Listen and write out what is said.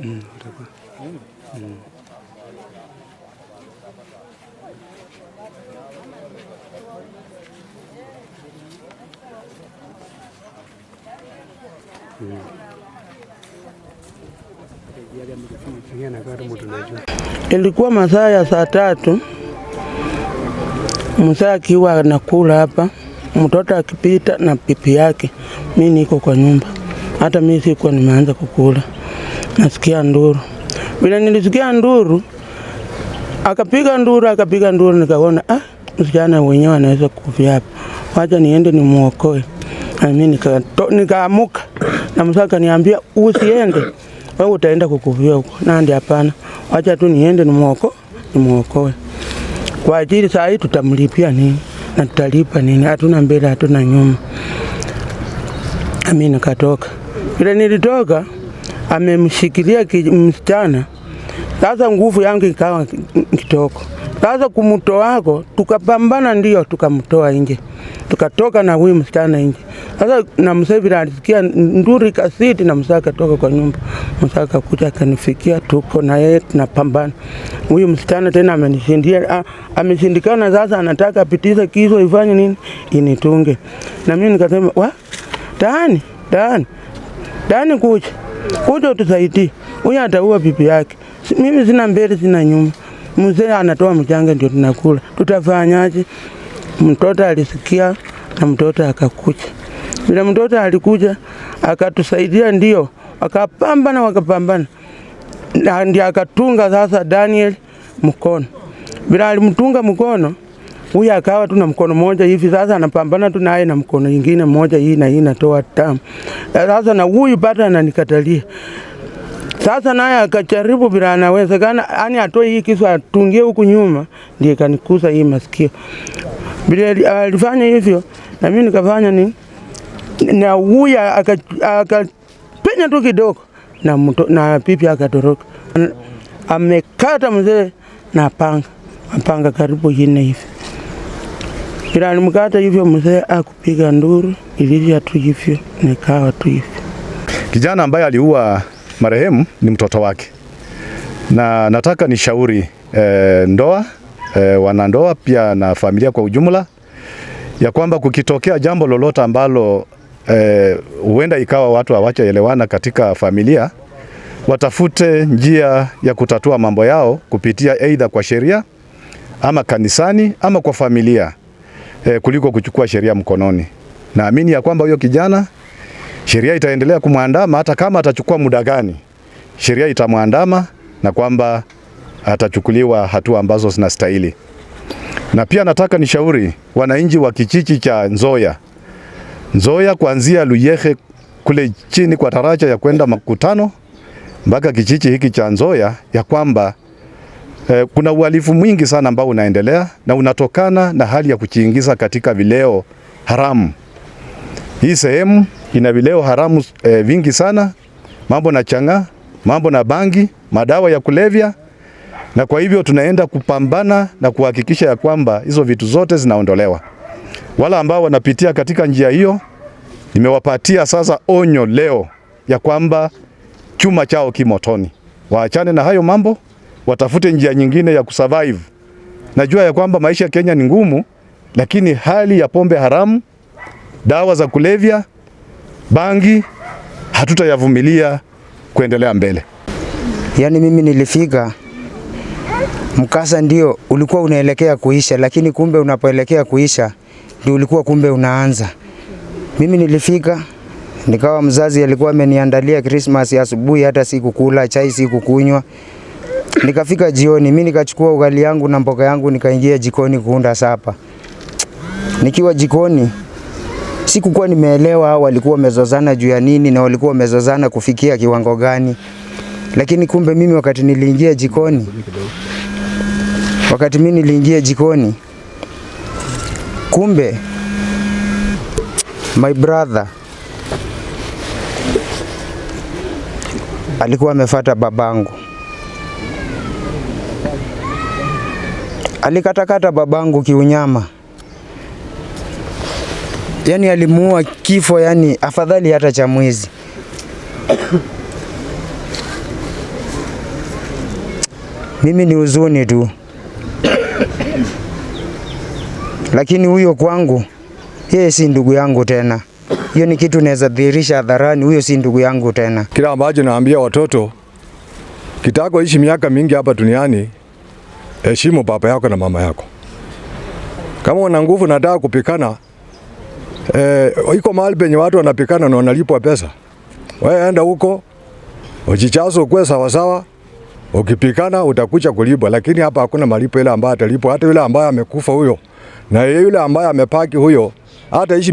Hmm, ada apa? Hmm. Hmm. Ilikuwa masaa ya saa tatu, mzee akiwa anakula hapa, mtoto akipita na pipi yake. Mi niko kwa nyumba, hata mi sikuwa nimeanza kukula, nasikia nduru. Vile nilisikia nduru, akapiga nduru, akapiga nduru, nikaona ah, msichana wenyewe anaweza kufia hapa, wacha niende nimuokoe. Nami nikaamuka na msaka niambia usiende wewe utaenda kukuvia huko. Nandi, hapana, wacha tu niende nimuoko nimuokoe. Kwa ajili saa hii tutamlipia nini na tutalipa nini? Hatuna mbele, hatuna nyuma. Amina katoka. Vile nilitoka amemshikilia msichana sasa nguvu yangu ikawa kitoko. Sasa kumtoa wako tukapambana, ndio tukamtoa nje, tukatoka na huyu msichana nje. Sasa na msee alisikia nduri kasiti, na msee akatoka kwa nyumba, msee akakuja akanifikia, tuko na yeye tunapambana. Huyu msichana tena amenishindia, ameshindikana. Sasa anataka apitize kizo, ifanye nini, initunge. Na mimi nikasema wa tani tani tani, kuja kuja utusaidie, huyu ataua bibi yake mimi sina mbele, sina nyuma. Mzee anatoa mchanga ndio tunakula, tutafanyaje? Mtoto alisikia na mtoto akakuja, bila mtoto alikuja akatusaidia, ndio akapambana, wakapambana ndio akatunga sasa Daniel mkono, bila alimtunga mkono huyu akawa tu na mkono mmoja hivi, sasa anapambana tu naye na mkono ingine mmoja, hii na hii natoa tamu sasa, na huyu bado ananikatalia. Sasa naye akacharibu bila anawezekana, yani atoe hii kisu atungie huku nyuma, ndiye kanikusa hii masikio. Bila alifanya hivyo, na mimi nikafanya ni na huya akapenya tu kidogo na, mto, na pipi akatoroka, amekata mzee na panga panga karibu ine hivi bila nimkata hivyo, mzee akupiga nduru ilivyo tu hivyo, nikawa tu hivyo. Kijana ambaye aliua marehemu ni mtoto wake, na nataka nishauri e, ndoa e, wanandoa pia na familia kwa ujumla ya kwamba kukitokea jambo lolote ambalo eh, huenda e, ikawa watu hawachaelewana katika familia, watafute njia ya kutatua mambo yao kupitia aidha kwa sheria ama kanisani ama kwa familia e, kuliko kuchukua sheria mkononi. Naamini ya kwamba huyo kijana sheria itaendelea kumwandama hata kama atachukua muda gani, sheria itamwandama na kwamba atachukuliwa hatua ambazo zinastahili. Na pia nataka nishauri wananchi wa kijiji cha Nzoya, Nzoya kuanzia Luyehe kule chini kwa taraja ya kwenda Makutano mpaka kijiji hiki cha Nzoya ya kwamba eh, kuna uhalifu mwingi sana ambao unaendelea na unatokana na hali ya kujiingiza katika vileo haramu. Hii sehemu ina vileo haramu e, vingi sana, mambo na changa mambo na bangi, madawa ya kulevya, na kwa hivyo tunaenda kupambana na kuhakikisha ya kwamba hizo vitu zote zinaondolewa. Wala ambao wanapitia katika njia hiyo, nimewapatia sasa onyo leo ya kwamba chuma chao kimotoni, waachane na hayo mambo, watafute njia nyingine ya kusurvive. Najua ya kwamba maisha ya Kenya ni ngumu, lakini hali ya pombe haramu, dawa za kulevya bangi hatutayavumilia kuendelea mbele. Yaani mimi nilifika mkasa ndio ulikuwa unaelekea kuisha, lakini kumbe unapoelekea kuisha ndio ulikuwa kumbe unaanza. Mimi nilifika nikawa mzazi alikuwa ameniandalia Krismasi asubuhi, hata sikukula chai, sikukunywa. Nikafika jioni, mimi nikachukua ugali yangu na mboga yangu, nikaingia jikoni kuunda sapa. Nikiwa jikoni Sikukuwa nimeelewa walikuwa wamezozana juu ya nini na walikuwa wamezozana kufikia kiwango gani, lakini kumbe mimi wakati niliingia jikoni, wakati mimi niliingia jikoni, kumbe my brother alikuwa amefata babangu, alikatakata babangu kiunyama yani alimuua kifo, yani afadhali hata cha mwizi. Mimi ni huzuni tu lakini huyo kwangu yeye si ndugu yangu tena. Hiyo ni kitu naweza dhihirisha hadharani, huyo si ndugu yangu tena. kila ambacho naambia watoto, kitako ishi miaka mingi hapa duniani, heshimu baba yako na mama yako. Kama una nguvu nataka kupikana eh, oh, iko mahali penye watu wanapikana na wanalipwa pesa. Wewe enda huko ujichazo kwa sawa sawa, ukipikana utakucha kulipwa, lakini hapa hakuna malipo ile ambayo atalipwa hata yule ambaye amekufa huyo na yule ambaye amepaki huyo hata ishi